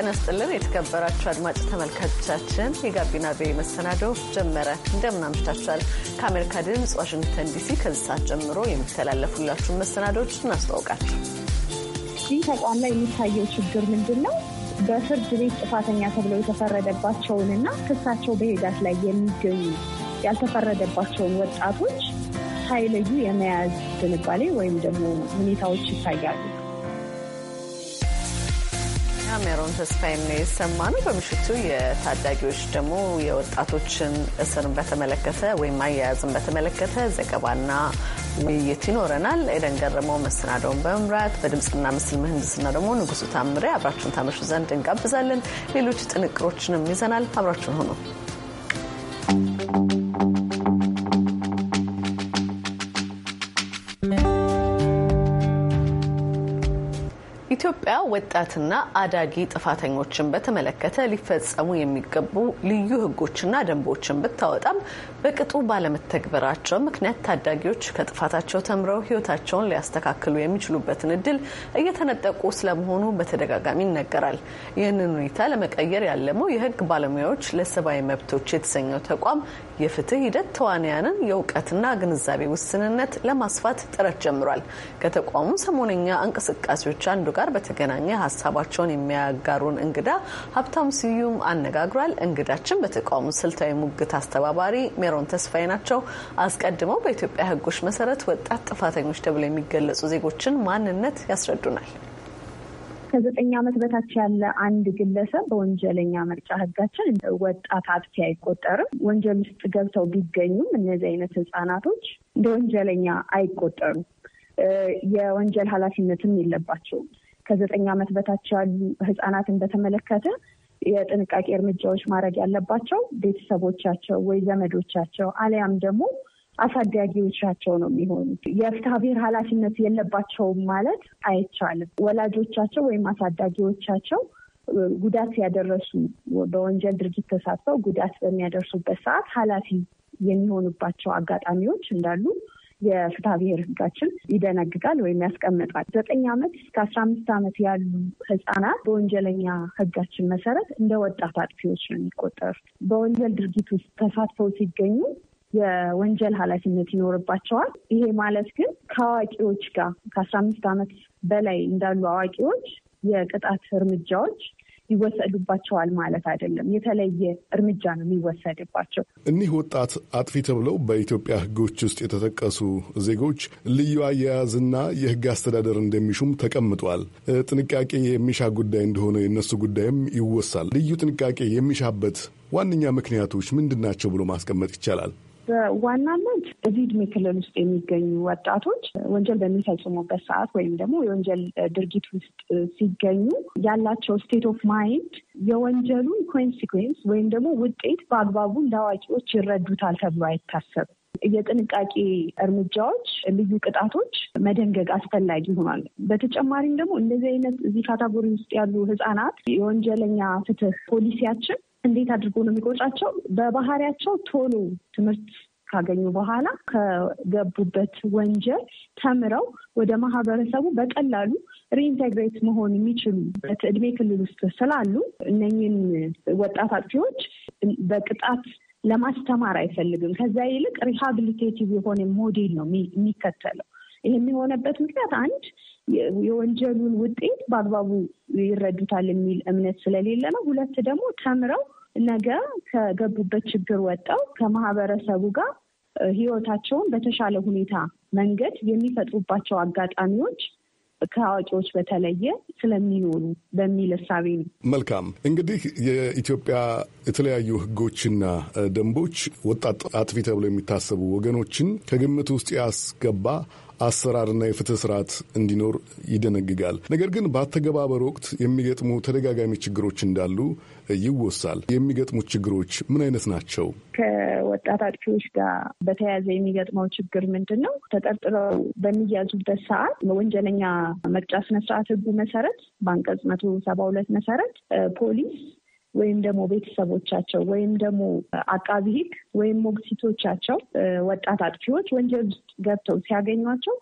ጤና ስጥልን የተከበራችሁ አድማጭ ተመልካቾቻችን፣ የጋቢና ቤ መሰናዶው ጀመረ። እንደምን አምሽታችኋል? ከአሜሪካ ድምፅ ዋሽንግተን ዲሲ ከዚህ ሰዓት ጀምሮ የሚተላለፉላችሁን መሰናዶዎች እናስተዋውቃቸው። ይህ ተቋም ላይ የሚታየው ችግር ምንድን ነው? በፍርድ ቤት ጥፋተኛ ተብለው የተፈረደባቸውንና ክሳቸው በሂደት ላይ የሚገኙ ያልተፈረደባቸውን ወጣቶች ሳይለዩ የመያዝ ዝንባሌ ወይም ደግሞ ሁኔታዎች ይታያሉ። ሜሮን ተስፋዬን ነው በምሽቱ የታዳጊዎች ደግሞ የወጣቶችን እስርን በተመለከተ ወይም አያያዝን በተመለከተ ዘገባና ውይይት ይኖረናል። ኤደን ገረመው መሰናደውን በመምራት በድምፅና ምስል ምህንድስና ደግሞ ንጉሱ ታምሬ አብራችሁን ታመሹ ዘንድ እንጋብዛለን። ሌሎች ጥንቅሮችንም ይዘናል። አብራችሁን ሆኖ ወጣትና አዳጊ ጥፋተኞችን በተመለከተ ሊፈጸሙ የሚገቡ ልዩ ህጎችና ደንቦችን ብታወጣም በቅጡ ባለመተግበራቸው ምክንያት ታዳጊዎች ከጥፋታቸው ተምረው ህይወታቸውን ሊያስተካክሉ የሚችሉበትን እድል እየተነጠቁ ስለመሆኑ በተደጋጋሚ ይነገራል። ይህንን ሁኔታ ለመቀየር ያለመው የህግ ባለሙያዎች ለሰብአዊ መብቶች የተሰኘው ተቋም የፍትህ ሂደት ተዋንያንን የእውቀትና ግንዛቤ ውስንነት ለማስፋት ጥረት ጀምሯል። ከተቋሙ ሰሞነኛ እንቅስቃሴዎች አንዱ ጋር በተገናኘ ሀሳባቸውን የሚያጋሩን እንግዳ ሀብታም ስዩም አነጋግሯል። እንግዳችን በተቋሙ ስልታዊ ሙግት አስተባባሪ ሜሮን ተስፋዬ ናቸው። አስቀድመው በኢትዮጵያ ሕጎች መሰረት ወጣት ጥፋተኞች ተብለው የሚገለጹ ዜጎችን ማንነት ያስረዱናል። ከዘጠኝ ዓመት በታች ያለ አንድ ግለሰብ በወንጀለኛ መርጫ ህጋችን ወጣት አጥፊ አይቆጠርም። ወንጀል ውስጥ ገብተው ቢገኙም እነዚህ አይነት ህጻናቶች እንደ ወንጀለኛ አይቆጠሩም። የወንጀል ኃላፊነትም የለባቸውም። ከዘጠኝ ዓመት በታች ያሉ ህጻናትን በተመለከተ የጥንቃቄ እርምጃዎች ማድረግ ያለባቸው ቤተሰቦቻቸው ወይ ዘመዶቻቸው አሊያም ደግሞ አሳዳጊዎቻቸው ነው የሚሆኑት። የፍትሐ ብሔር ኃላፊነት የለባቸውም ማለት አይቻልም። ወላጆቻቸው ወይም አሳዳጊዎቻቸው ጉዳት ያደረሱ በወንጀል ድርጊት ተሳትፈው ጉዳት በሚያደርሱበት ሰዓት ኃላፊ የሚሆኑባቸው አጋጣሚዎች እንዳሉ የፍትሐ ብሔር ህጋችን ይደነግጋል ወይም ያስቀምጣል። ዘጠኝ ዓመት እስከ አስራ አምስት ዓመት ያሉ ህጻናት በወንጀለኛ ህጋችን መሰረት እንደ ወጣት አጥፊዎች ነው የሚቆጠሩት። በወንጀል ድርጊት ውስጥ ተሳትፈው ሲገኙ የወንጀል ኃላፊነት ይኖርባቸዋል። ይሄ ማለት ግን ከአዋቂዎች ጋር ከአስራ አምስት ዓመት በላይ እንዳሉ አዋቂዎች የቅጣት እርምጃዎች ይወሰዱባቸዋል ማለት አይደለም። የተለየ እርምጃ ነው የሚወሰድባቸው። እኒህ ወጣት አጥፊ ተብለው በኢትዮጵያ ሕጎች ውስጥ የተጠቀሱ ዜጎች ልዩ አያያዝና የሕግ አስተዳደር እንደሚሹም ተቀምጧል። ጥንቃቄ የሚሻ ጉዳይ እንደሆነ የነሱ ጉዳይም ይወሳል። ልዩ ጥንቃቄ የሚሻበት ዋነኛ ምክንያቶች ምንድን ናቸው ብሎ ማስቀመጥ ይቻላል? በዋናነት እዚህ እድሜ ክልል ውስጥ የሚገኙ ወጣቶች ወንጀል በሚፈጽሙበት ሰዓት ወይም ደግሞ የወንጀል ድርጊት ውስጥ ሲገኙ ያላቸው ስቴት ኦፍ ማይንድ የወንጀሉን ኮንሲኩዌንስ ወይም ደግሞ ውጤት በአግባቡ ለአዋቂዎች ይረዱታል ተብሎ አይታሰብም። የጥንቃቄ እርምጃዎች፣ ልዩ ቅጣቶች መደንገግ አስፈላጊ ይሆናል። በተጨማሪም ደግሞ እንደዚህ አይነት እዚህ ካታጎሪ ውስጥ ያሉ ህጻናት የወንጀለኛ ፍትህ ፖሊሲያችን እንዴት አድርጎ ነው የሚቆጫቸው? በባህሪያቸው ቶሎ ትምህርት ካገኙ በኋላ ከገቡበት ወንጀል ተምረው ወደ ማህበረሰቡ በቀላሉ ሪኢንቴግሬት መሆን የሚችሉበት እድሜ ክልል ውስጥ ስላሉ እነኝን ወጣት አጥፊዎች በቅጣት ለማስተማር አይፈልግም። ከዚያ ይልቅ ሪሃብሊቴቲቭ የሆነ ሞዴል ነው የሚከተለው። ይህ የሚሆነበት ምክንያት አንድ የወንጀሉን ውጤት በአግባቡ ይረዱታል የሚል እምነት ስለሌለ ነው። ሁለት ደግሞ ተምረው ነገ ከገቡበት ችግር ወጠው ከማህበረሰቡ ጋር ህይወታቸውን በተሻለ ሁኔታ መንገድ የሚፈጥሩባቸው አጋጣሚዎች ከአዋቂዎች በተለየ ስለሚኖሩ በሚል እሳቤ ነው። መልካም እንግዲህ የኢትዮጵያ የተለያዩ ህጎችና ደንቦች ወጣት አጥፊ ተብሎ የሚታሰቡ ወገኖችን ከግምት ውስጥ ያስገባ አሰራርና የፍትህ ስርዓት እንዲኖር ይደነግጋል። ነገር ግን በአተገባበር ወቅት የሚገጥሙ ተደጋጋሚ ችግሮች እንዳሉ ይወሳል። የሚገጥሙት ችግሮች ምን አይነት ናቸው? ከወጣት አጥፊዎች ጋር በተያያዘ የሚገጥመው ችግር ምንድን ነው? ተጠርጥረው በሚያዙበት ሰዓት ወንጀለኛ መቅጫ ስነስርዓት ህጉ መሰረት በአንቀጽ መቶ ሰባ ሁለት መሰረት ፖሊስ ወይም ደግሞ ቤተሰቦቻቸው ወይም ደግሞ አቃቢ ሕግ ወይም ሞግሲቶቻቸው ወጣት አጥፊዎች ወንጀል ውስጥ ገብተው ሲያገኟቸው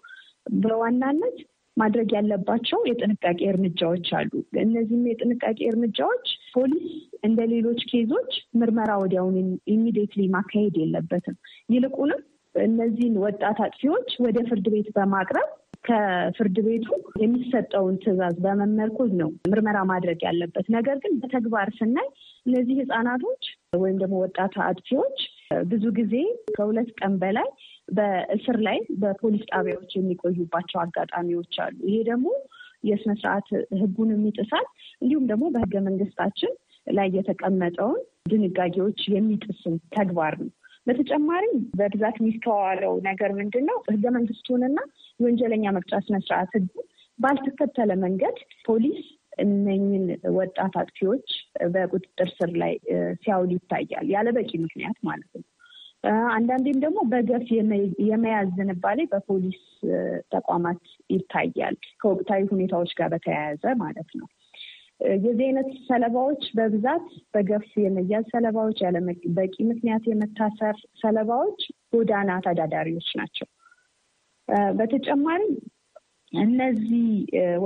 በዋናነት ማድረግ ያለባቸው የጥንቃቄ እርምጃዎች አሉ። እነዚህም የጥንቃቄ እርምጃዎች ፖሊስ እንደ ሌሎች ኬዞች ምርመራ ወዲያውን ኢሚዲየትሊ ማካሄድ የለበትም። ይልቁንም እነዚህን ወጣት አጥፊዎች ወደ ፍርድ ቤት በማቅረብ ከፍርድ ቤቱ የሚሰጠውን ትዕዛዝ በመመርኮዝ ነው ምርመራ ማድረግ ያለበት። ነገር ግን በተግባር ስናይ እነዚህ ህጻናቶች ወይም ደግሞ ወጣት አጥፊዎች ብዙ ጊዜ ከሁለት ቀን በላይ በእስር ላይ በፖሊስ ጣቢያዎች የሚቆዩባቸው አጋጣሚዎች አሉ። ይሄ ደግሞ የስነ ስርዓት ህጉን የሚጥሳል እንዲሁም ደግሞ በህገ መንግስታችን ላይ የተቀመጠውን ድንጋጌዎች የሚጥስም ተግባር ነው። በተጨማሪም በብዛት የሚስተዋለው ነገር ምንድን ነው? ህገ መንግስቱንና የወንጀለኛ መቅጫ ስነስርዓት ህጉ ባልተከተለ መንገድ ፖሊስ እነኝን ወጣት አጥፊዎች በቁጥጥር ስር ላይ ሲያውል ይታያል፣ ያለ በቂ ምክንያት ማለት ነው። አንዳንዴም ደግሞ በገፍ የመያዝ ዝንባሌ በፖሊስ ተቋማት ይታያል፣ ከወቅታዊ ሁኔታዎች ጋር በተያያዘ ማለት ነው። የዚህ አይነት ሰለባዎች በብዛት በገፍ የመያዝ ሰለባዎች፣ በቂ ምክንያት የመታሰር ሰለባዎች ጎዳና ተዳዳሪዎች ናቸው። በተጨማሪም እነዚህ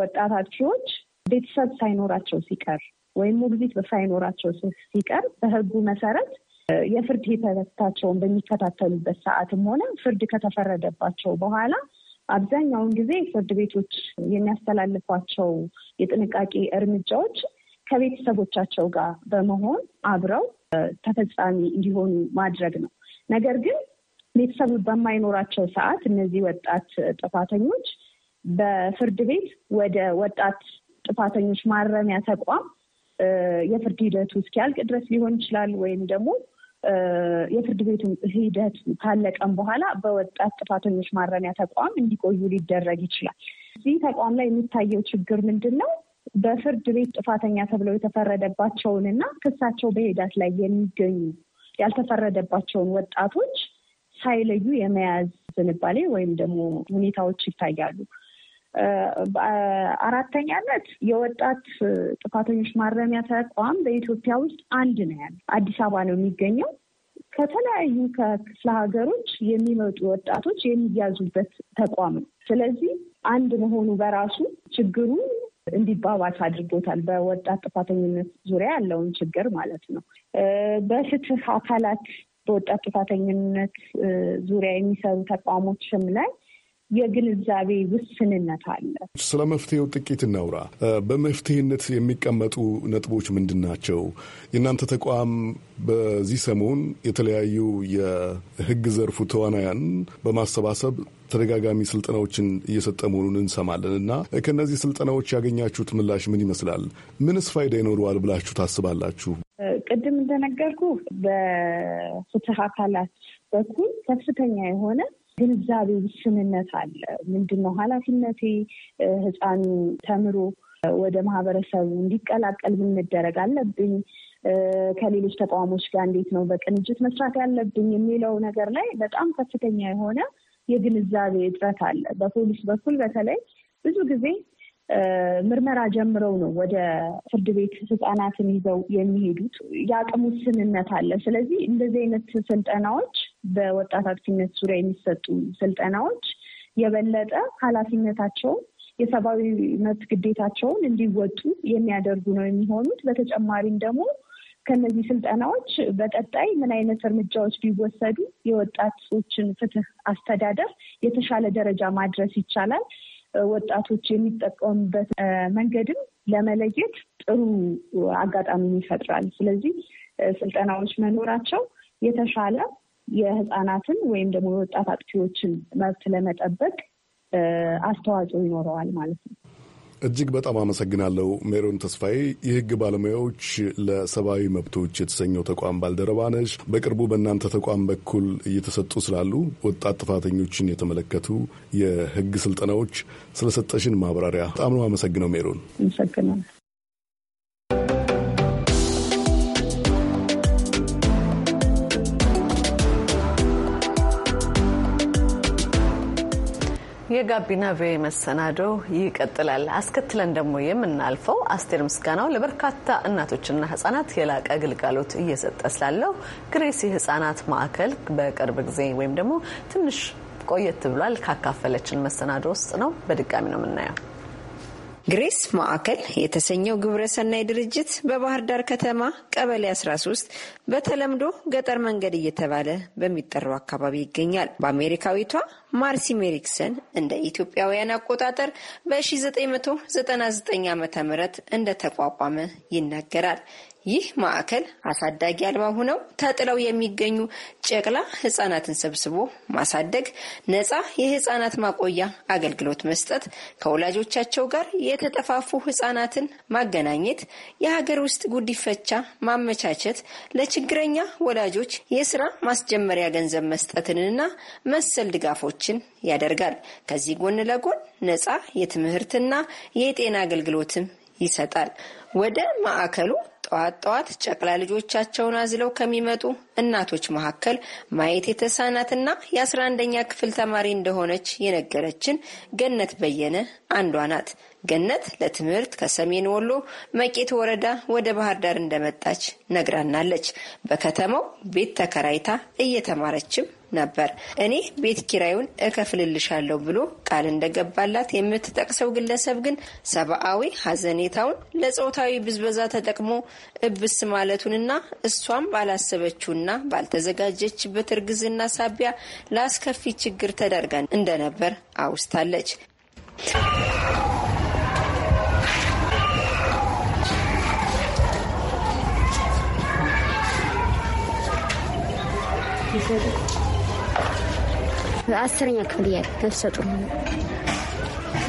ወጣት አጥፊዎች ቤተሰብ ሳይኖራቸው ሲቀር ወይም ሞግዚት ሳይኖራቸው ሲቀር በሕጉ መሰረት የፍርድ ሂደታቸውን በሚከታተሉበት ሰዓትም ሆነ ፍርድ ከተፈረደባቸው በኋላ አብዛኛውን ጊዜ ፍርድ ቤቶች የሚያስተላልፏቸው የጥንቃቄ እርምጃዎች ከቤተሰቦቻቸው ጋር በመሆን አብረው ተፈጻሚ እንዲሆኑ ማድረግ ነው። ነገር ግን ቤተሰብ በማይኖራቸው ሰዓት እነዚህ ወጣት ጥፋተኞች በፍርድ ቤት ወደ ወጣት ጥፋተኞች ማረሚያ ተቋም የፍርድ ሂደቱ እስኪያልቅ ድረስ ሊሆን ይችላል ወይም ደግሞ የፍርድ ቤቱን ሂደት ካለቀም በኋላ በወጣት ጥፋተኞች ማረሚያ ተቋም እንዲቆዩ ሊደረግ ይችላል። እዚህ ተቋም ላይ የሚታየው ችግር ምንድን ነው? በፍርድ ቤት ጥፋተኛ ተብለው የተፈረደባቸውንና ክሳቸው በሂደት ላይ የሚገኙ ያልተፈረደባቸውን ወጣቶች ሳይለዩ የመያዝ ዝንባሌ ወይም ደግሞ ሁኔታዎች ይታያሉ። አራተኛነት የወጣት ጥፋተኞች ማረሚያ ተቋም በኢትዮጵያ ውስጥ አንድ ነው ያለ አዲስ አበባ ነው የሚገኘው። ከተለያዩ ከክፍለ ሀገሮች የሚመጡ ወጣቶች የሚያዙበት ተቋም ነው። ስለዚህ አንድ መሆኑ በራሱ ችግሩ እንዲባባስ አድርጎታል። በወጣት ጥፋተኝነት ዙሪያ ያለውን ችግር ማለት ነው። በፍትህ አካላት በወጣት ጥፋተኝነት ዙሪያ የሚሰሩ ተቋሞችም ላይ የግንዛቤ ውስንነት አለ። ስለ መፍትሄው ጥቂት እናውራ። በመፍትሄነት የሚቀመጡ ነጥቦች ምንድን ናቸው? የእናንተ ተቋም በዚህ ሰሞን የተለያዩ የህግ ዘርፉ ተዋናያን በማሰባሰብ ተደጋጋሚ ስልጠናዎችን እየሰጠ መሆኑን እንሰማለን እና ከእነዚህ ስልጠናዎች ያገኛችሁት ምላሽ ምን ይመስላል? ምንስ ፋይዳ ይኖረዋል ብላችሁ ታስባላችሁ? ቅድም እንደነገርኩ በፍትህ አካላት በኩል ከፍተኛ የሆነ ግንዛቤ ውስንነት አለ። ምንድን ነው ኃላፊነቴ ህፃን ተምሮ ወደ ማህበረሰቡ እንዲቀላቀል ምንደረግ አለብኝ ከሌሎች ተቋሞች ጋር እንዴት ነው በቅንጅት መስራት ያለብኝ የሚለው ነገር ላይ በጣም ከፍተኛ የሆነ የግንዛቤ እጥረት አለ። በፖሊስ በኩል በተለይ ብዙ ጊዜ ምርመራ ጀምረው ነው ወደ ፍርድ ቤት ህጻናትን ይዘው የሚሄዱት። የአቅም ውስንነት አለ። ስለዚህ እንደዚህ አይነት ስልጠናዎች በወጣት አጥፊነት ዙሪያ የሚሰጡ ስልጠናዎች የበለጠ ኃላፊነታቸውን የሰብአዊ መብት ግዴታቸውን እንዲወጡ የሚያደርጉ ነው የሚሆኑት። በተጨማሪም ደግሞ ከነዚህ ስልጠናዎች በቀጣይ ምን አይነት እርምጃዎች ቢወሰዱ የወጣቶችን ፍትህ አስተዳደር የተሻለ ደረጃ ማድረስ ይቻላል ወጣቶች የሚጠቀሙበት መንገድም ለመለየት ጥሩ አጋጣሚን ይፈጥራል። ስለዚህ ስልጠናዎች መኖራቸው የተሻለ የህፃናትን ወይም ደግሞ የወጣት አጥፊዎችን መብት ለመጠበቅ አስተዋጽኦ ይኖረዋል ማለት ነው። እጅግ በጣም አመሰግናለሁ ሜሮን ተስፋዬ። የህግ ባለሙያዎች ለሰብአዊ መብቶች የተሰኘው ተቋም ባልደረባ ነሽ። በቅርቡ በእናንተ ተቋም በኩል እየተሰጡ ስላሉ ወጣት ጥፋተኞችን የተመለከቱ የህግ ስልጠናዎች ስለሰጠሽን ማብራሪያ በጣም ነው አመሰግነው ሜሮን። የጋቢና ቪ መሰናዶው ይቀጥላል። አስከትለን ደግሞ የምናልፈው አስቴር ምስጋናው ለበርካታ እናቶችና ህጻናት የላቀ ግልጋሎት እየሰጠ ስላለው ግሬሲ ህጻናት ማዕከል በቅርብ ጊዜ ወይም ደግሞ ትንሽ ቆየት ብሏል ካካፈለችን መሰናዶ ውስጥ ነው። በድጋሚ ነው የምናየው። ግሬስ ማዕከል የተሰኘው ግብረሰናይ ድርጅት በባህር ዳር ከተማ ቀበሌ 13 በተለምዶ ገጠር መንገድ እየተባለ በሚጠራው አካባቢ ይገኛል። በአሜሪካዊቷ ማርሲ ሜሪክሰን እንደ ኢትዮጵያውያን አቆጣጠር በ1999 ዓ ም እንደተቋቋመ ይናገራል። ይህ ማዕከል አሳዳጊ አልባ ሆነው ተጥለው የሚገኙ ጨቅላ ህጻናትን ሰብስቦ ማሳደግ፣ ነጻ የህጻናት ማቆያ አገልግሎት መስጠት፣ ከወላጆቻቸው ጋር የተጠፋፉ ህጻናትን ማገናኘት፣ የሀገር ውስጥ ጉዲፈቻ ማመቻቸት፣ ለችግረኛ ወላጆች የስራ ማስጀመሪያ ገንዘብ መስጠትንና መሰል ድጋፎችን ያደርጋል። ከዚህ ጎን ለጎን ነጻ የትምህርትና የጤና አገልግሎትም ይሰጣል። ወደ ማዕከሉ ጠዋት ጠዋት ጨቅላ ልጆቻቸውን አዝለው ከሚመጡ እናቶች መካከል ማየት የተሳናትና የአስራ አንደኛ ክፍል ተማሪ እንደሆነች የነገረችን ገነት በየነ አንዷ ናት። ገነት ለትምህርት ከሰሜን ወሎ መቄት ወረዳ ወደ ባህር ዳር እንደመጣች ነግራናለች። በከተማው ቤት ተከራይታ እየተማረችም ነበር። እኔ ቤት ኪራዩን እከፍልልሻለሁ ብሎ ቃል እንደገባላት የምትጠቅሰው ግለሰብ ግን ሰብአዊ ሀዘኔታውን ለጾታዊ ብዝበዛ ተጠቅሞ እብስ ማለቱንና እሷም ባላሰበችውና ባልተዘጋጀችበት እርግዝና ሳቢያ ለአስከፊ ችግር ተዳርጋ እንደነበር አውስታለች። Thank you. አስረኛ ክፍል እያለ ነፍሰ ጡር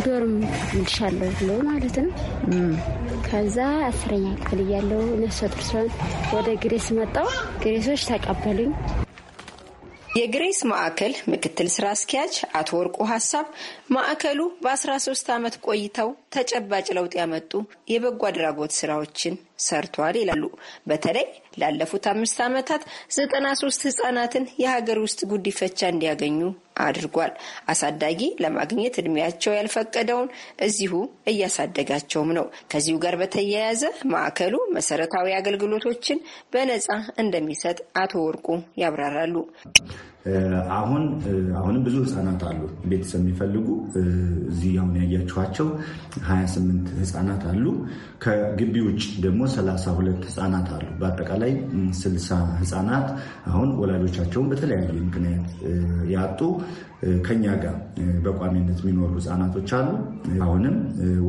ዶርም እልሻለሁ ብሎ ማለት ነው። ከዛ አስረኛ ክፍል እያለሁ ነፍሰ ጡር ሲሆን ወደ ግሬስ መጣሁ። ግሬሶች ተቀበሉኝ። የግሬስ ማዕከል ምክትል ስራ አስኪያጅ አቶ ወርቁ ሀሳብ ማዕከሉ በ13 ዓመት ቆይተው ተጨባጭ ለውጥ ያመጡ የበጎ አድራጎት ስራዎችን ሰርቷል ይላሉ። በተለይ ላለፉት አምስት ዓመታት ዘጠና ሶስት ህጻናትን የሀገር ውስጥ ጉዲፈቻ እንዲያገኙ አድርጓል። አሳዳጊ ለማግኘት እድሜያቸው ያልፈቀደውን እዚሁ እያሳደጋቸውም ነው። ከዚሁ ጋር በተያያዘ ማዕከሉ መሰረታዊ አገልግሎቶችን በነጻ እንደሚሰጥ አቶ ወርቁ ያብራራሉ። አሁን አሁንም ብዙ ህፃናት አሉ ቤተሰብ የሚፈልጉ እዚህ አሁን ያያችኋቸው 28 ህፃናት አሉ። ከግቢ ውጭ ደግሞ 32 ህፃናት አሉ። በአጠቃላይ 60 ህፃናት አሁን ወላጆቻቸውን በተለያየ ምክንያት ያጡ ከኛ ጋር በቋሚነት የሚኖሩ ህጻናቶች አሉ። አሁንም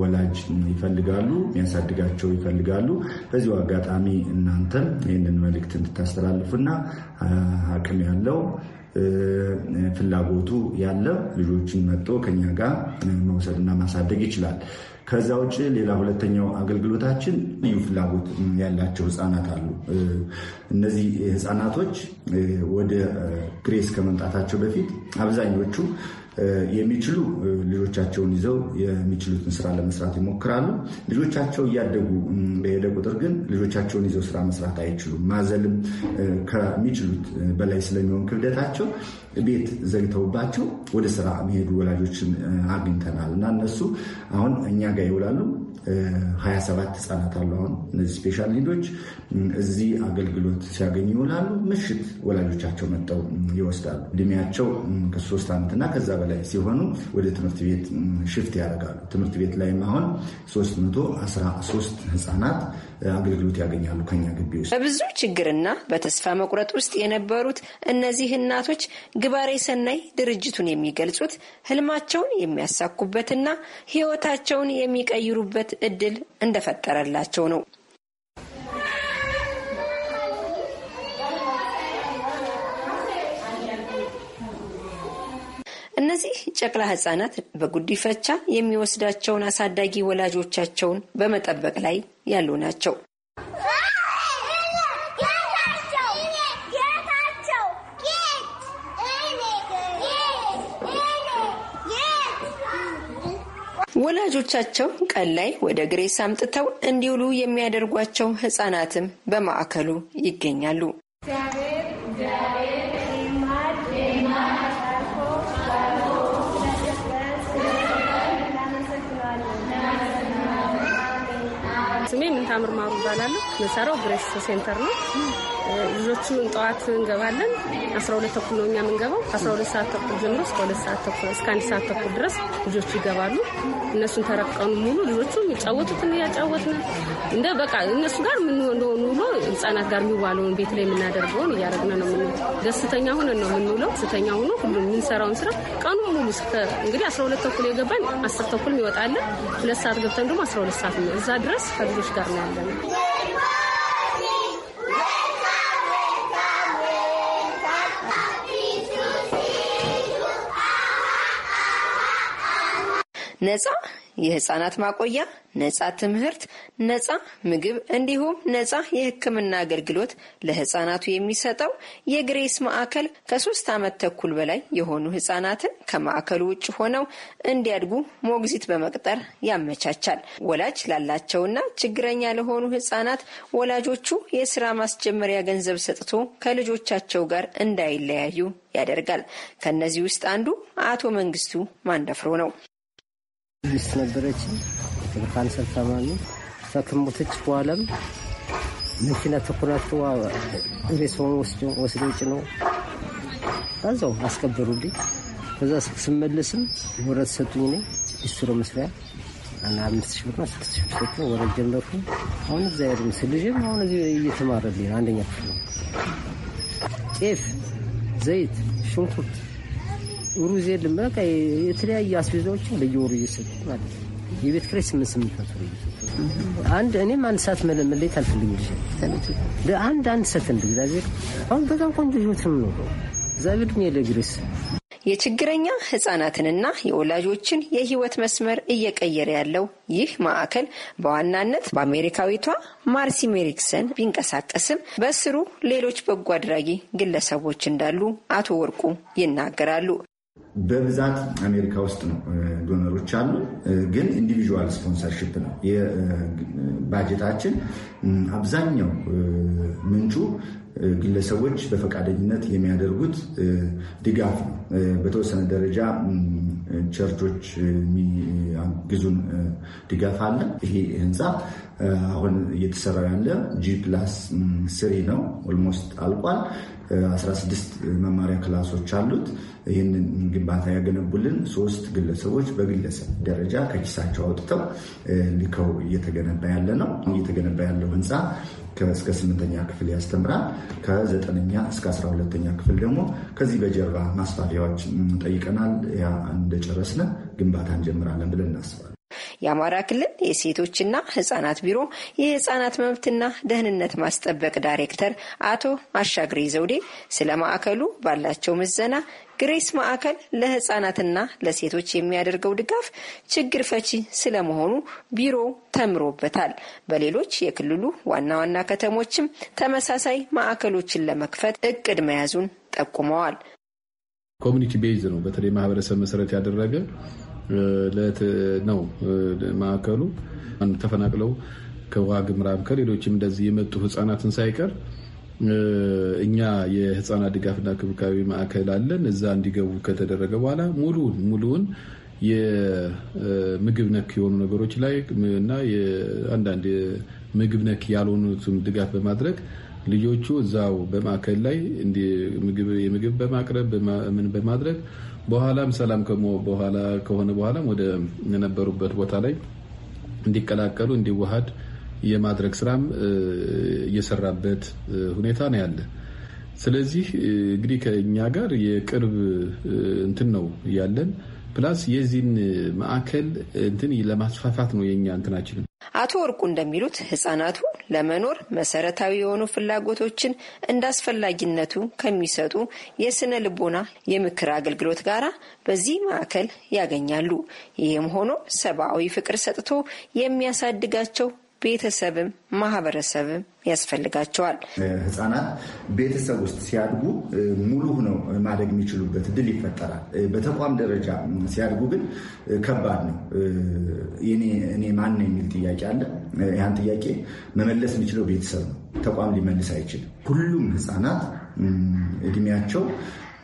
ወላጅ ይፈልጋሉ፣ የሚያሳድጋቸው ይፈልጋሉ። በዚሁ አጋጣሚ እናንተም ይህንን መልእክት እንድታስተላልፉና አቅም ያለው ፍላጎቱ ያለ ልጆችን መጥቶ ከኛ ጋር መውሰድና ማሳደግ ይችላል። ከዛ ውጭ ሌላ ሁለተኛው አገልግሎታችን ልዩ ፍላጎት ያላቸው ህጻናት አሉ። እነዚህ ህጻናቶች ወደ ግሬስ ከመምጣታቸው በፊት አብዛኞቹ የሚችሉ ልጆቻቸውን ይዘው የሚችሉትን ስራ ለመስራት ይሞክራሉ። ልጆቻቸው እያደጉ በሄደ ቁጥር ግን ልጆቻቸውን ይዘው ስራ መስራት አይችሉም። ማዘልም ከሚችሉት በላይ ስለሚሆን ክብደታቸው ቤት ዘግተውባቸው ወደ ስራ የሚሄዱ ወላጆችን አግኝተናል እና እነሱ አሁን እኛ ጋር ይውላሉ። 27 ህጻናት አሉ። አሁን እነዚህ ስፔሻል ኒዶች እዚህ አገልግሎት ሲያገኙ ይውላሉ። ምሽት ወላጆቻቸው መጠው ይወስዳሉ። እድሜያቸው ከሶስት ዓመትና ከዛ በላይ ሲሆኑ ወደ ትምህርት ቤት ሽፍት ያደርጋሉ። ትምህርት ቤት ላይም አሁን 313 ህጻናት አገልግሎት ያገኛሉ ከኛ ግቢ ውስጥ። በብዙ ችግርና በተስፋ መቁረጥ ውስጥ የነበሩት እነዚህ እናቶች ግባሬ ሰናይ ድርጅቱን የሚገልጹት ህልማቸውን የሚያሳኩበትና ህይወታቸውን የሚቀይሩበት እድል እንደፈጠረላቸው ነው። እነዚህ ጨቅላ ህጻናት በጉዲፈቻ የሚወስዳቸውን አሳዳጊ ወላጆቻቸውን በመጠበቅ ላይ ያሉ ናቸው። ወላጆቻቸው ቀን ላይ ወደ ግሬስ አምጥተው እንዲውሉ የሚያደርጓቸው ህጻናትም በማዕከሉ ይገኛሉ። ስሜ ምንታምር ማሩ ይባላለሁ። መሰራው ግሬስ ሴንተር ነው። ልጆቹም ጠዋት እንገባለን። አስራ ሁለት ተኩል ነው እኛ የምንገባው። ከአስራ ሁለት ሰዓት ተኩል ጀምሮ እስከ ሁለት ሰዓት ተኩል እስከ አንድ ሰዓት ተኩል ድረስ ልጆቹ ይገባሉ። እነሱን ተረቀኑ ሙሉ ልጆቹ የሚጫወቱትን እያጫወትን እንደ በቃ እነሱ ጋር የምንሆነውን ውሎ ህጻናት ጋር የሚዋለውን ቤት ላይ የምናደርገውን እያደረግን ነው። ምን ደስተኛ ሁነን ነው የምንውለው። ደስተኛ ሁኖ ሁሉ የምንሰራውን ስራ ቀኑ ሙሉ እንግዲህ አስራ ሁለት ተኩል የገባን አስር ተኩል ይወጣለን። ሁለት ሰዓት ገብተን ደግሞ አስራ ሁለት ሰዓት ነው እዛ ድረስ ከልጆች ጋር ነው ያለነው። ነጻ የህፃናት ማቆያ፣ ነጻ ትምህርት፣ ነጻ ምግብ እንዲሁም ነጻ የህክምና አገልግሎት ለህፃናቱ የሚሰጠው የግሬስ ማዕከል ከሶስት ዓመት ተኩል በላይ የሆኑ ህፃናትን ከማዕከሉ ውጭ ሆነው እንዲያድጉ ሞግዚት በመቅጠር ያመቻቻል። ወላጅ ላላቸውና ችግረኛ ለሆኑ ህፃናት ወላጆቹ የስራ ማስጀመሪያ ገንዘብ ሰጥቶ ከልጆቻቸው ጋር እንዳይለያዩ ያደርጋል። ከእነዚህ ውስጥ አንዱ አቶ መንግስቱ ማንደፍሮ ነው። ሚስት ነበረች፣ ካንሰር ታማሚ እሷ ከሞተች በኋላም መኪና ተኮናቶ ሬሳውን ወስደው ጭነው እዛው አስቀበሩልኝ። ከዛ ስመለስም ወረድ ሰጡኝ። ነ የሱሮ መስሪያ አምስት ሺህ ብር ነው ስድስት ሺህ ብር ጀመርኩ። አሁን እግዚአብሔር ይመስገን ልጄም አሁን እየተማረልኝ ነው። አንደኛ ክፍል ነው። ጤፍ ዘይት፣ ሽንኩርት ሩዝ የለም። በቃ የተለያዩ አስቤዛዎችን በየወሩ እየሰጡ ማለት ነው። የቤት ኪራይ ስምንት ስምንት መቶ ነው። አንድ እኔም አንድ ሰዓት መለመለይ ታልፍልኝ ይችላል። አንድ አንድ ሰዓት እንደ እግዚአብሔር አሁን በጣም ቆንጆ ህይወት ነው። እግዚአብሔር ድሜ ለግሬስ የችግረኛ ህጻናትንና የወላጆችን የህይወት መስመር እየቀየረ ያለው ይህ ማዕከል በዋናነት በአሜሪካዊቷ ማርሲ ሜሪክሰን ቢንቀሳቀስም በስሩ ሌሎች በጎ አድራጊ ግለሰቦች እንዳሉ አቶ ወርቁ ይናገራሉ። በብዛት አሜሪካ ውስጥ ነው ዶነሮች አሉ፣ ግን ኢንዲቪዥዋል ስፖንሰርሽፕ ነው የባጀታችን አብዛኛው ምንጩ ግለሰቦች በፈቃደኝነት የሚያደርጉት ድጋፍ ነው። በተወሰነ ደረጃ ቸርቾች የሚያግዙን ድጋፍ አለ። ይሄ ህንፃ አሁን እየተሰራ ያለ ጂ ፕላስ ስሪ ነው። ኦልሞስት አልቋል። 16 መማሪያ ክላሶች አሉት። ይህንን ግንባታ ያገነቡልን ሶስት ግለሰቦች በግለሰብ ደረጃ ከኪሳቸው አውጥተው ልከው እየተገነባ ያለ ነው። እየተገነባ ያለው ህንፃ እስከ ስምንተኛ ክፍል ያስተምራል። ከዘጠነኛ እስከ አስራ ሁለተኛ ክፍል ደግሞ ከዚህ በጀርባ ማስፋፊያዎች ጠይቀናል። ያ እንደጨረስን ግንባታ እንጀምራለን ብለን እናስባለን። የአማራ ክልል የሴቶችና ህጻናት ቢሮ የህጻናት መብትና ደህንነት ማስጠበቅ ዳይሬክተር አቶ አሻግሬ ዘውዴ ስለ ማዕከሉ ባላቸው ምዘና ግሬስ ማዕከል ለህጻናትና ለሴቶች የሚያደርገው ድጋፍ ችግር ፈቺ ስለመሆኑ ቢሮ ተምሮበታል። በሌሎች የክልሉ ዋና ዋና ከተሞችም ተመሳሳይ ማዕከሎችን ለመክፈት እቅድ መያዙን ጠቁመዋል። ኮሚኒቲ ቤዝ ነው። በተለይ ማህበረሰብ መሰረት ያደረገ ነው ማዕከሉ ተፈናቅለው ከውሃ ግምራም ከሌሎችም እንደዚህ የመጡ ህፃናትን ሳይቀር እኛ የህፃናት ድጋፍና ክብካቤ ማዕከል አለን። እዛ እንዲገቡ ከተደረገ በኋላ ሙሉውን ሙሉውን የምግብ ነክ የሆኑ ነገሮች ላይ እና አንዳንድ ምግብ ነክ ያልሆኑትም ድጋፍ በማድረግ ልጆቹ እዛው በማዕከል ላይ የምግብ በማቅረብ ምን በማድረግ በኋላም ሰላም በኋላ ከሆነ በኋላም ወደ የነበሩበት ቦታ ላይ እንዲቀላቀሉ እንዲዋሃድ የማድረግ ስራም እየሰራበት ሁኔታ ነው ያለ። ስለዚህ እንግዲህ ከእኛ ጋር የቅርብ እንትን ነው ያለን። ፕላስ የዚህን ማዕከል እንትን ለማስፋፋት ነው የእኛ እንትናችንን አቶ ወርቁ እንደሚሉት ህጻናቱ ለመኖር መሰረታዊ የሆኑ ፍላጎቶችን እንዳስፈላጊነቱ ከሚሰጡ የስነ ልቦና የምክር አገልግሎት ጋር በዚህ ማዕከል ያገኛሉ። ይህም ሆኖ ሰብአዊ ፍቅር ሰጥቶ የሚያሳድጋቸው ቤተሰብም ማህበረሰብም ያስፈልጋቸዋል። ህጻናት ቤተሰብ ውስጥ ሲያድጉ ሙሉ ሆነው ማደግ የሚችሉበት ድል ይፈጠራል። በተቋም ደረጃ ሲያድጉ ግን ከባድ ነው። እኔ ማን ነው የሚል ጥያቄ አለ። ያን ጥያቄ መመለስ የሚችለው ቤተሰብ ነው። ተቋም ሊመልስ አይችልም። ሁሉም ህጻናት እድሜያቸው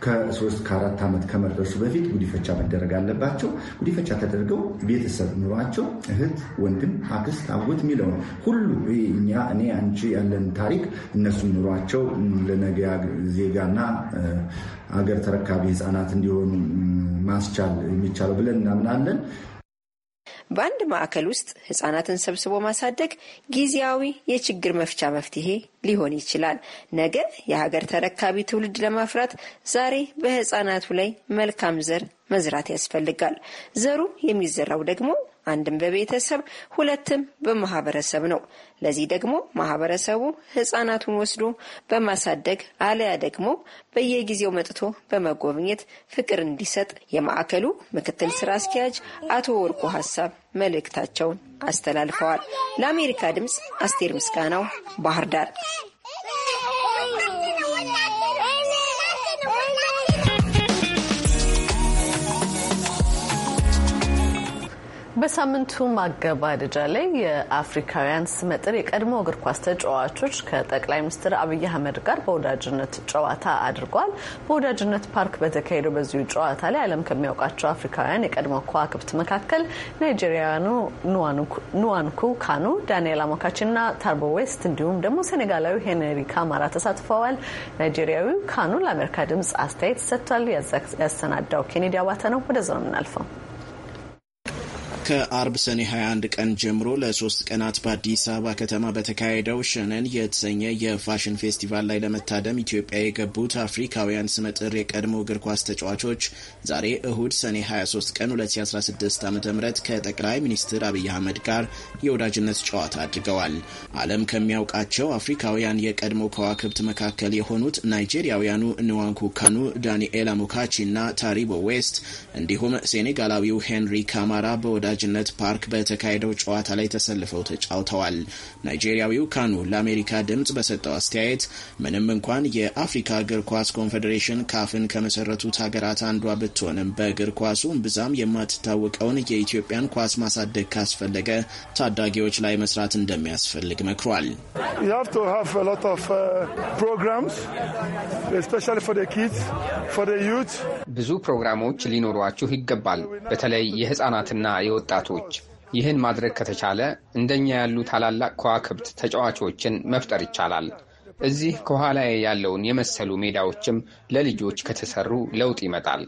ከሶስት ከአራት ዓመት ከመድረሱ በፊት ጉዲፈቻ መደረግ አለባቸው። ጉዲፈቻ ተደርገው ቤተሰብ ኑሯቸው እህት፣ ወንድም፣ አክስት፣ አጎት የሚለው ሁሉ እኛ እኔ አንቺ ያለን ታሪክ እነሱም ኑሯቸው ለነገ ዜጋና አገር ተረካቢ ህፃናት እንዲሆኑ ማስቻል የሚቻለው ብለን እናምናለን። በአንድ ማዕከል ውስጥ ህጻናትን ሰብስቦ ማሳደግ ጊዜያዊ የችግር መፍቻ መፍትሄ ሊሆን ይችላል። ነገ የሀገር ተረካቢ ትውልድ ለማፍራት ዛሬ በህጻናቱ ላይ መልካም ዘር መዝራት ያስፈልጋል። ዘሩ የሚዘራው ደግሞ አንድም በቤተሰብ ሁለትም በማህበረሰብ ነው። ለዚህ ደግሞ ማህበረሰቡ ህጻናቱን ወስዶ በማሳደግ አለያ ደግሞ በየጊዜው መጥቶ በመጎብኘት ፍቅር እንዲሰጥ የማዕከሉ ምክትል ስራ አስኪያጅ አቶ ወርቁ ሀሳብ መልእክታቸውን አስተላልፈዋል። ለአሜሪካ ድምፅ አስቴር ምስጋናው ባህር ዳር በሳምንቱ ማገባደጃ ላይ የአፍሪካውያን ስመጥር የቀድሞ እግር ኳስ ተጫዋቾች ከጠቅላይ ሚኒስትር አብይ አህመድ ጋር በወዳጅነት ጨዋታ አድርጓል። በወዳጅነት ፓርክ በተካሄደው በዚሁ ጨዋታ ላይ ዓለም ከሚያውቃቸው አፍሪካውያን የቀድሞ ከዋክብት መካከል ናይጄሪያውያኑ ኑዋንኩ ካኑ፣ ዳንኤል ና ታርቦ ዌስት እንዲሁም ደግሞ ሴኔጋላዊ ሄነሪ ካማራ ተሳትፈዋል። ናይጄሪያዊው ካኑ ለአሜሪካ ድምጽ አስተያየት ሰጥቷል። ያሰናዳው ኬኔዲ አባተ ነው። ወደዛው ነው የምናልፈው። ከአርብ ሰኔ 21 ቀን ጀምሮ ለሶስት ቀናት በአዲስ አበባ ከተማ በተካሄደው ሸነን የተሰኘ የፋሽን ፌስቲቫል ላይ ለመታደም ኢትዮጵያ የገቡት አፍሪካውያን ስመጥር የቀድሞ እግር ኳስ ተጫዋቾች ዛሬ እሁድ ሰኔ 23 ቀን 2016 ዓ ም ከጠቅላይ ሚኒስትር አብይ አህመድ ጋር የወዳጅነት ጨዋታ አድርገዋል። ዓለም ከሚያውቃቸው አፍሪካውያን የቀድሞ ከዋክብት መካከል የሆኑት ናይጄሪያውያኑ ንዋንኩ ካኑ፣ ዳንኤል አሞካቺ እና ታሪቦ ዌስት እንዲሁም ሴኔጋላዊው ሄንሪ ካማራ በወዳ ወዳጅነት ፓርክ በተካሄደው ጨዋታ ላይ ተሰልፈው ተጫውተዋል። ናይጄሪያዊው ካኑ ለአሜሪካ ድምፅ በሰጠው አስተያየት ምንም እንኳን የአፍሪካ እግር ኳስ ኮንፌዴሬሽን ካፍን ከመሰረቱት ሀገራት አንዷ ብትሆንም በእግር ኳሱ ብዛም የማትታወቀውን የኢትዮጵያን ኳስ ማሳደግ ካስፈለገ ታዳጊዎች ላይ መስራት እንደሚያስፈልግ መክሯል። uh, ብዙ ፕሮግራሞች ሊኖሯችሁ ይገባል። በተለይ የህፃናትና የወ ወጣቶች። ይህን ማድረግ ከተቻለ እንደኛ ያሉ ታላላቅ ከዋክብት ተጫዋቾችን መፍጠር ይቻላል። እዚህ ከኋላ ያለውን የመሰሉ ሜዳዎችም ለልጆች ከተሰሩ ለውጥ ይመጣል።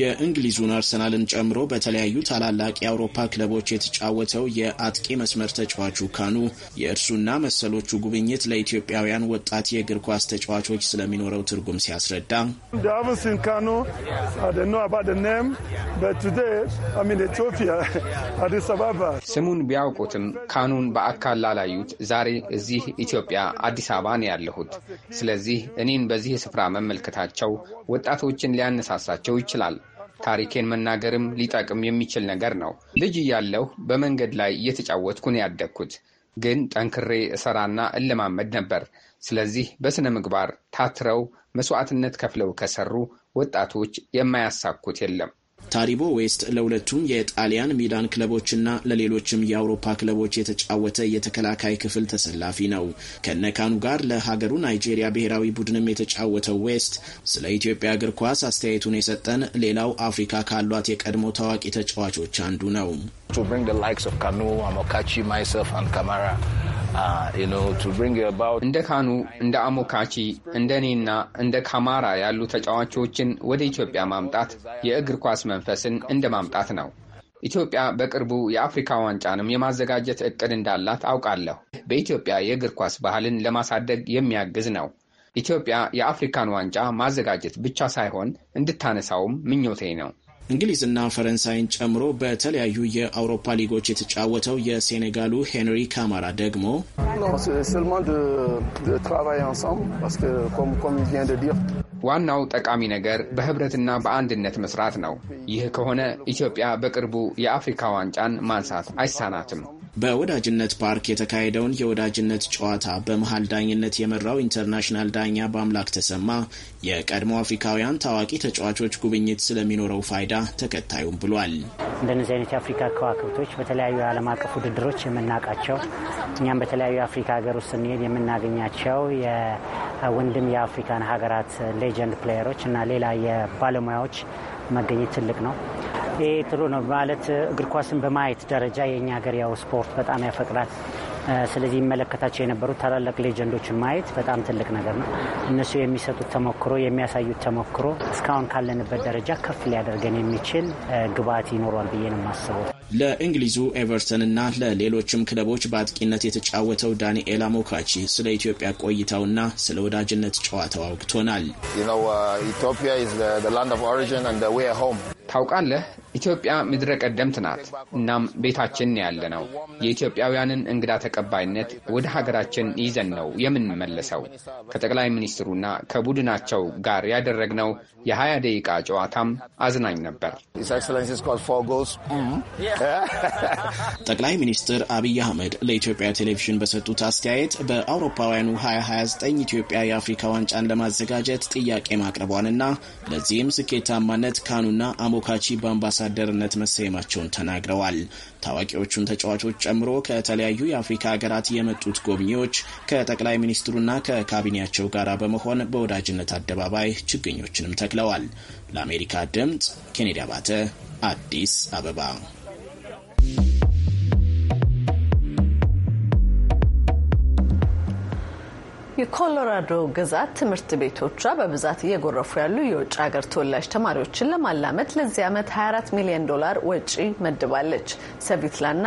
የእንግሊዙን አርሰናልን ጨምሮ በተለያዩ ታላላቅ የአውሮፓ ክለቦች የተጫወተው የአጥቂ መስመር ተጫዋቹ ካኑ የእርሱና መሰሎቹ ጉብኝት ለኢትዮጵያውያን ወጣት የእግር ኳስ ተጫዋቾች ስለሚኖረው ትርጉም ሲያስረዳ ስሙን ቢያውቁትም ካኑን በአካል ላላዩት ዛሬ እዚህ ኢትዮጵያ አዲስ አበባ ነው ያለሁት። ስለዚህ እኔን በዚህ ስፍራ መመልከታቸው ወጣቶችን ሊያነሳሳቸው ይችላል። ታሪኬን መናገርም ሊጠቅም የሚችል ነገር ነው። ልጅ እያለሁ በመንገድ ላይ እየተጫወትኩ ነው ያደግኩት፣ ግን ጠንክሬ እሰራና እለማመድ ነበር። ስለዚህ በሥነ ምግባር ታትረው መስዋዕትነት ከፍለው ከሰሩ ወጣቶች የማያሳኩት የለም። ታሪቦ ዌስት ለሁለቱም የጣሊያን ሚላን ክለቦችና ለሌሎችም የአውሮፓ ክለቦች የተጫወተ የተከላካይ ክፍል ተሰላፊ ነው። ከነካኑ ጋር ለሀገሩ ናይጄሪያ ብሔራዊ ቡድንም የተጫወተው ዌስት ስለ ኢትዮጵያ እግር ኳስ አስተያየቱን የሰጠን ሌላው አፍሪካ ካሏት የቀድሞ ታዋቂ ተጫዋቾች አንዱ ነው። Uh, እንደ ካኑ፣ እንደ አሞካቺ፣ እንደ እኔና እንደ ካማራ ያሉ ተጫዋቾችን ወደ ኢትዮጵያ ማምጣት የእግር ኳስ መንፈስን እንደ ማምጣት ነው። ኢትዮጵያ በቅርቡ የአፍሪካ ዋንጫንም የማዘጋጀት እቅድ እንዳላት አውቃለሁ። በኢትዮጵያ የእግር ኳስ ባህልን ለማሳደግ የሚያግዝ ነው። ኢትዮጵያ የአፍሪካን ዋንጫ ማዘጋጀት ብቻ ሳይሆን እንድታነሳውም ምኞቴ ነው። እንግሊዝና ፈረንሳይን ጨምሮ በተለያዩ የአውሮፓ ሊጎች የተጫወተው የሴኔጋሉ ሄንሪ ካማራ ደግሞ ዋናው ጠቃሚ ነገር በህብረትና በአንድነት መስራት ነው። ይህ ከሆነ ኢትዮጵያ በቅርቡ የአፍሪካ ዋንጫን ማንሳት አይሳናትም። በወዳጅነት ፓርክ የተካሄደውን የወዳጅነት ጨዋታ በመሀል ዳኝነት የመራው ኢንተርናሽናል ዳኛ በአምላክ ተሰማ የቀድሞ አፍሪካውያን ታዋቂ ተጫዋቾች ጉብኝት ስለሚኖረው ፋይዳ ተከታዩም ብሏል። እንደነዚህ አይነት የአፍሪካ ከዋክብቶች በተለያዩ የዓለም አቀፍ ውድድሮች የምናውቃቸው እኛም በተለያዩ የአፍሪካ ሀገር ውስጥ ስንሄድ የምናገኛቸው የወንድም የአፍሪካን ሀገራት ሌጀንድ ፕሌየሮች እና ሌላ የባለሙያዎች መገኘት ትልቅ ነው። ይህ ጥሩ ነው ማለት እግር ኳስን በማየት ደረጃ የእኛ ሀገር ያው ስፖርት በጣም ያፈቅራል። ስለዚህ ይመለከታቸው የነበሩት ታላላቅ ሌጀንዶችን ማየት በጣም ትልቅ ነገር ነው። እነሱ የሚሰጡት ተሞክሮ፣ የሚያሳዩት ተሞክሮ እስካሁን ካለንበት ደረጃ ከፍ ሊያደርገን የሚችል ግብዓት ይኖሯል ብዬ ነው የማስበው። ለእንግሊዙ ኤቨርተን ለሌሎችም ክለቦች በአጥቂነት የተጫወተው ዳንኤል አሞካቺ ስለ ኢትዮጵያ ቆይታውና ስለ ወዳጅነት ጨዋታው አውግቶናል። uh, ታውቃለህ ኢትዮጵያ ምድረ ቀደምት ናት። እናም ቤታችን ያለ ነው። የኢትዮጵያውያንን እንግዳ ተቀባይነት ወደ ሀገራችን ይዘን ነው የምንመለሰው። ከጠቅላይ ሚኒስትሩና ከቡድናቸው ጋር ያደረግነው የሀያ ደቂቃ ጨዋታም አዝናኝ ነበር። mm. ጠቅላይ ሚኒስትር አብይ አህመድ ለኢትዮጵያ ቴሌቪዥን በሰጡት አስተያየት በአውሮፓውያኑ 2029 ኢትዮጵያ የአፍሪካ ዋንጫን ለማዘጋጀት ጥያቄ ማቅረቧንና ለዚህም ስኬታማነት ካኑና አሞካቺ ባምባሳ አምባሳደርነት መሰየማቸውን ተናግረዋል። ታዋቂዎቹን ተጫዋቾች ጨምሮ ከተለያዩ የአፍሪካ ሀገራት የመጡት ጎብኚዎች ከጠቅላይ ሚኒስትሩና ከካቢኔያቸው ጋር በመሆን በወዳጅነት አደባባይ ችግኞችንም ተክለዋል። ለአሜሪካ ድምፅ ኬኔዲ አባተ አዲስ አበባ የኮሎራዶ ግዛት ትምህርት ቤቶቿ በብዛት እየጎረፉ ያሉ የውጭ ሀገር ተወላጅ ተማሪዎችን ለማላመድ ለዚህ ዓመት 24 ሚሊዮን ዶላር ወጪ መድባለች። ሰቪትላና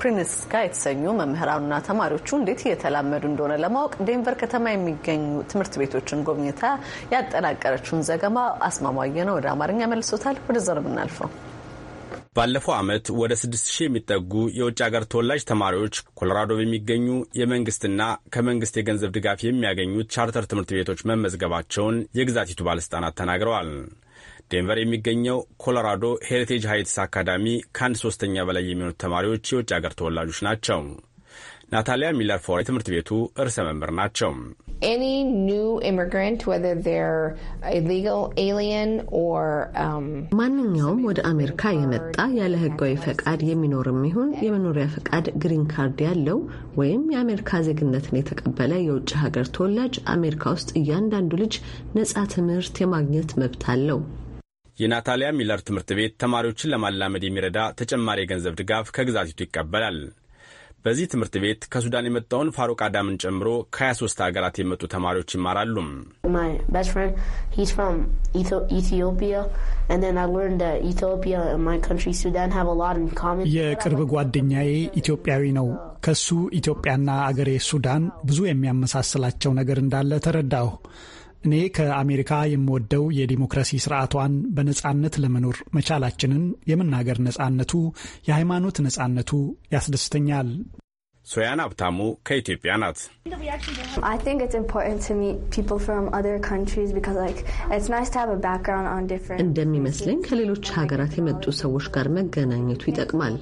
ፕሪንስካ የተሰኙ መምህራኑና ተማሪዎቹ እንዴት እየተላመዱ እንደሆነ ለማወቅ ዴንቨር ከተማ የሚገኙ ትምህርት ቤቶችን ጎብኝታ ያጠናቀረችውን ዘገባ አስማማየ ነው ወደ አማርኛ መልሶታል። ወደዛ ነው የምናልፈው። ባለፈው ዓመት ወደ 6000 የሚጠጉ የውጭ አገር ተወላጅ ተማሪዎች ኮሎራዶ በሚገኙ የመንግስትና ከመንግስት የገንዘብ ድጋፍ የሚያገኙት ቻርተር ትምህርት ቤቶች መመዝገባቸውን የግዛቲቱ ባለሥልጣናት ተናግረዋል። ዴንቨር የሚገኘው ኮሎራዶ ሄሪቴጅ ሃይትስ አካዳሚ ከአንድ ሶስተኛ በላይ የሚሆኑት ተማሪዎች የውጭ አገር ተወላጆች ናቸው። ናታሊያ ሚለር ፎር የትምህርት ቤቱ ርዕሰ መምህር ናቸው። um, ማንኛውም ወደ አሜሪካ የመጣ ያለ ሕጋዊ ፈቃድ የሚኖርም ይሁን የመኖሪያ ፈቃድ ግሪን ካርድ ያለው ወይም የአሜሪካ ዜግነትን የተቀበለ የውጭ ሀገር ተወላጅ አሜሪካ ውስጥ እያንዳንዱ ልጅ ነጻ ትምህርት የማግኘት መብት አለው። የናታሊያ ሚለር ትምህርት ቤት ተማሪዎችን ለማላመድ የሚረዳ ተጨማሪ የገንዘብ ድጋፍ ከግዛቲቱ ይቀበላል። በዚህ ትምህርት ቤት ከሱዳን የመጣውን ፋሩቅ አዳምን ጨምሮ ከ23 ሀገራት የመጡ ተማሪዎች ይማራሉ። የቅርብ ጓደኛዬ ኢትዮጵያዊ ነው። ከሱ ኢትዮጵያና አገሬ ሱዳን ብዙ የሚያመሳስላቸው ነገር እንዳለ ተረዳሁ። እኔ ከአሜሪካ የምወደው የዲሞክራሲ ስርዓቷን በነጻነት ለመኖር መቻላችንን፣ የመናገር ነጻነቱ፣ የሃይማኖት ነጻነቱ ያስደስተኛል። ሶያን አብታሙ ከኢትዮጵያ ናት። እንደሚመስለኝ ከሌሎች ሀገራት የመጡ ሰዎች ጋር መገናኘቱ ይጠቅማል።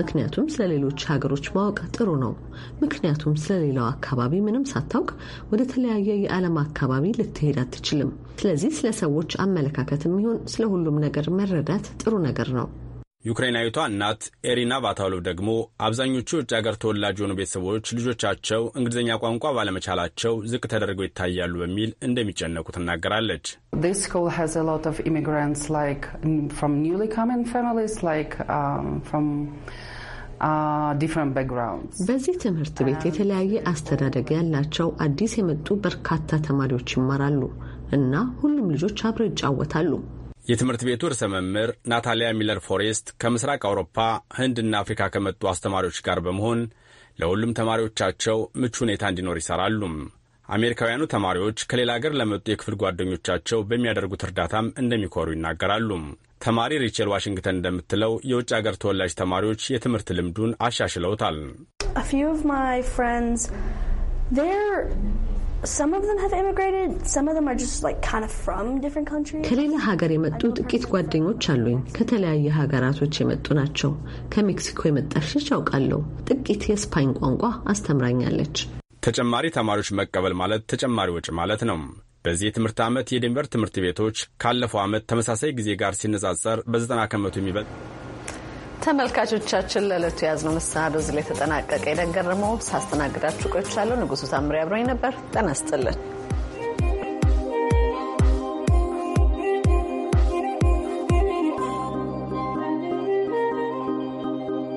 ምክንያቱም ስለ ሌሎች ሀገሮች ማወቅ ጥሩ ነው። ምክንያቱም ስለ ሌላው አካባቢ ምንም ሳታውቅ ወደ ተለያየ የዓለም አካባቢ ልትሄድ አትችልም። ስለዚህ ስለ ሰዎች አመለካከት የሚሆን ስለ ሁሉም ነገር መረዳት ጥሩ ነገር ነው። ዩክሬናዊቷ እናት ኤሪና ቫታውሎቭ ደግሞ አብዛኞቹ የውጭ ሀገር ተወላጅ የሆኑ ቤተሰቦች ልጆቻቸው እንግሊዝኛ ቋንቋ ባለመቻላቸው ዝቅ ተደርገው ይታያሉ በሚል እንደሚጨነቁ ትናገራለች። um, uh, በዚህ ትምህርት ቤት የተለያየ አስተዳደግ ያላቸው አዲስ የመጡ በርካታ ተማሪዎች ይማራሉ እና ሁሉም ልጆች አብረው ይጫወታሉ። የትምህርት ቤቱ ርዕሰ መምህር ናታሊያ ሚለር ፎሬስት ከምስራቅ አውሮፓ ህንድና አፍሪካ ከመጡ አስተማሪዎች ጋር በመሆን ለሁሉም ተማሪዎቻቸው ምቹ ሁኔታ እንዲኖር ይሰራሉ። አሜሪካውያኑ ተማሪዎች ከሌላ አገር ለመጡ የክፍል ጓደኞቻቸው በሚያደርጉት እርዳታም እንደሚኮሩ ይናገራሉ። ተማሪ ሪቼል ዋሽንግተን እንደምትለው የውጭ አገር ተወላጅ ተማሪዎች የትምህርት ልምዱን አሻሽለውታል። ከሌላ ሀገር የመጡ ጥቂት ጓደኞች አሉኝ። ከተለያየ ሀገራቶች የመጡ ናቸው። ከሜክሲኮ የመጣች ልጅ አውቃለሁ። ጥቂት የስፓኝ ቋንቋ አስተምራኛለች። ተጨማሪ ተማሪዎች መቀበል ማለት ተጨማሪ ወጪ ማለት ነው። በዚህ የትምህርት ዓመት የዴንቨር ትምህርት ቤቶች ካለፈው ዓመት ተመሳሳይ ጊዜ ጋር ሲነጻጸር በ90 ከመቶ የሚበልጥ ተመልካቾቻችን ለዕለቱ የያዝነው መሰናዶ እዚህ ላይ ተጠናቀቀ። የደንገረመው ሳስተናግዳችሁ ቆይቻለሁ። ንጉሱ ታምሬ አብሮኝ ነበር። ጤና ይስጥልን።